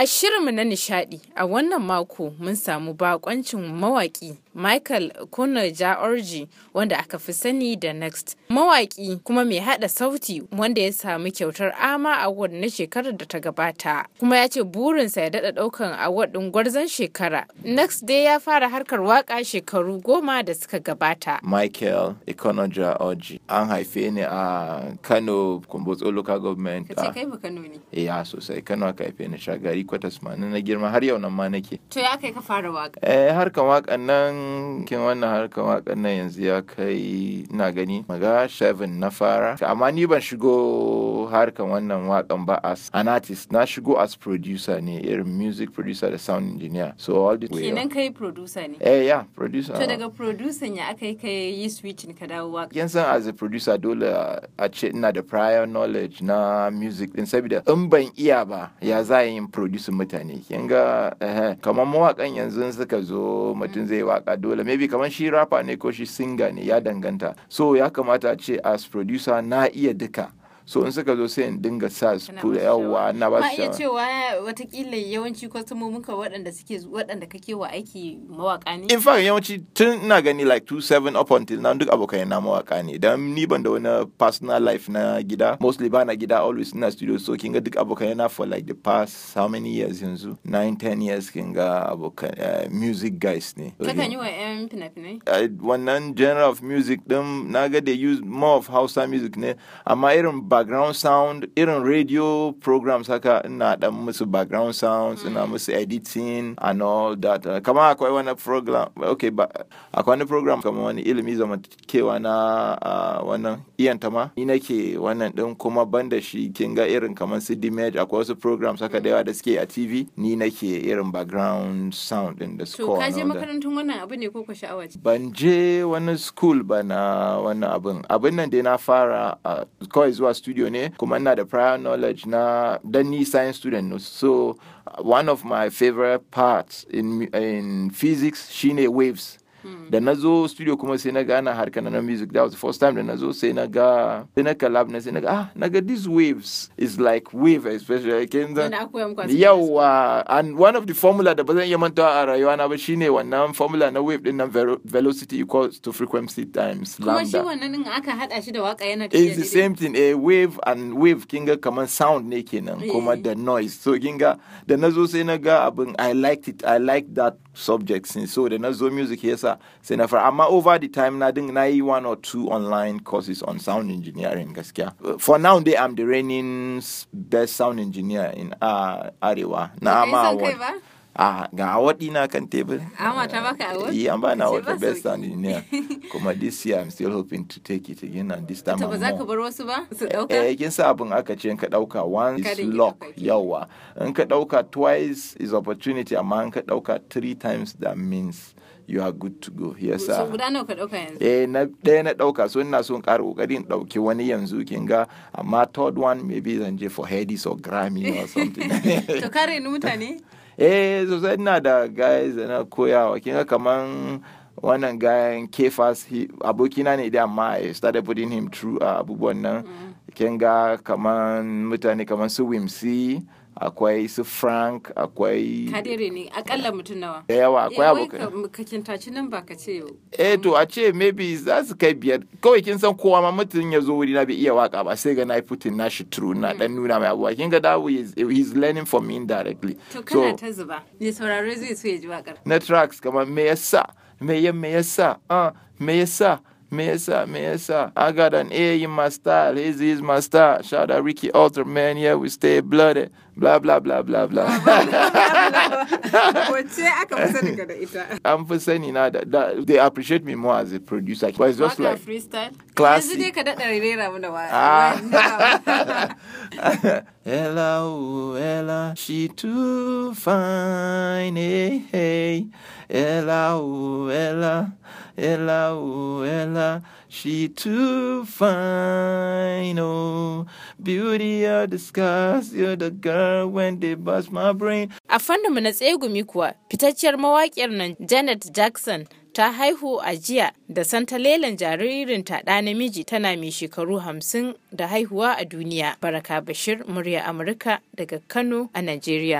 A shirinmu na nishadi a wannan mako mun samu bakoncin mawaki Michael Kunoja Orji wanda aka fi sani da Next. mawaƙi kuma mai haɗa sauti wanda ya samu kyautar Ama Award na shekarar da ta gabata. Kuma ya ce burinsa ya daɗa ɗaukan award din gwarzon shekara. Next dai ya fara harkar waka shekaru goma da suka gabata. Michael Ikonoja Orji an haife ni a Kano Kumbotso Local Government. ce kai ba Kano ne? Ya sosai Kano aka haife ni shagari kwatas na girma har yau nan ma nake. To ya kai ka fara waƙa. Eh harkan nan kin wannan harkar wakan nan yanzu ya kai na gani maga 7 na fara amma ni ban shigo harkar wannan wakan ba as an artist na shigo as producer ne irin music producer da sound engineer so all the way kenan kai producer ne eh yeah producer to daga producer ya akai kai yi switching ka dawo wakan Yan san as a producer dole a ce ina da prior knowledge na music din saboda in ban iya ba ya za yin producer mutane kin ga eh, eh. kamar mawakan yanzu suka zo mutum mm. zai waka dole maybe kamar shi rapper ne ko shi singer ne ya danganta so ya kamata a ce as producer na iya duka so in suka zo sai in dinga sa su yawa na ba su iya cewa watakila yawanci kwastomomin ka waɗanda suke waɗanda kake wa aiki mawaka ne in fact yawanci tun ina gani like two seven up until now duk abokai na mawaka ne dan ni ban da wani personal life na gida mostly ba na gida always ina studio so kin ga duk abokai na for like the past how many years yanzu nine ten years kin ga abokai eh, music guys ne kakan yi wa yan fina-finai eh, wannan genre of music din na ga they use more of Hausa music ne amma irin ba background sound irin radio programs haka ina dan musu background sounds ina mm. musu editing and all that uh, kamar akwai wani program okay ba akwai wani program kama wani ilimi zama kewa na uh, wannan iyanta ma ni nake wannan din kuma banda shi kin ga irin kamar su dimage akwai wasu programs haka da yawa da suke a TV ni nake irin background sound din da score to ka makarantun wannan abu ne ko ka sha'awa ban je wani school ba na wannan abin abin nan dai na fara kawai zuwa studio ne kuma ina da prior knowledge na dan science student no so one of my favorite parts in in physics shine waves Hmm. da nazo studio kuma sai na ana harkar na music that was the first time da na zo sai na sai na kalab na sai ah naga these waves is like wave especially kin da yawa and one of the formula da ba zan iya mantawa a rayuwa na ba shine wannan formula na wave din nan velocity equals to frequency times lambda kuma shi wannan din aka hada shi da waka yana tafiya it's the same thing a eh, wave and wave kinga kaman sound ne kenan kuma eh. da noise so kinga da nazo zo sai abin i liked it i liked that subjects ne so the na zo music yasa say na fara amma over the time na din na one or two online courses on sound engineering gaskiya for now dai am the reigning best sound engineer in uh, Arewa na amma award Ah, ga award dina kan table. Amma ta baka award? Yi amma na award for best in here. Kuma this year I'm still hoping to take it again and this time. Ta ba za ka bar wasu ba su dauka? Eh, eh, kin sa abin aka ce in ka dauka once is luck yawa. In ka dauka twice is opportunity amma in ka dauka three times that means you are good to go. Yes sir. So guda nawa ka dauka yanzu? Eh, na daya na dauka so ina so in ƙara kokari in dauki wani yanzu kin ga amma third one maybe zan je for Hades or Grammy or something. To kare ni mutane? eh sosai ina da guys na koyawa kin ga kaman wannan gayan kefas abokina ne da amma i started putting him through uh, abubuwan nan mm. kin ga kaman mutane kaman su wimsi akwai su frank akwai kadere ne akalla mutum nawa da yawa akwai eh, abokai ka kintaci nan ba ka ce eh to um, a ce maybe za su kai biyar kawai kin san kowa ma mutum ya zo wuri na bai iya waka ba sai ga na putin na shi hmm. true na dan nuna mai abuwa kin ga dawo is learning from me indirectly to kana ta zuba ne saurare zai so ya ji wakar na tracks kamar me yasa me ya me yasa ah me yasa Mesa, Mesa. I got an A in my style. His is my style. Shout out Ricky Alter, man. Yeah, we stay blooded. Blah, blah, blah, blah, blah. I'm for saying now that, that they appreciate me more as a producer. But it's just like freestyle. Classic. ah. Ella, oh, Ella, she too fine, hey, eh, hey. Ella, oh, Ella. Ella, oh, Ella, she too fine, oh. Beauty of the you're the girl when they bust my brain. A mu na tsegumi kuwa, fitacciyar mawaƙiyar nan Janet Jackson ta haihu a jiya da jaririn ta ɗa namiji tana mai shekaru hamsin da haihuwa a duniya. Baraka Bashir, murya Amurka daga Kano a Najeriya.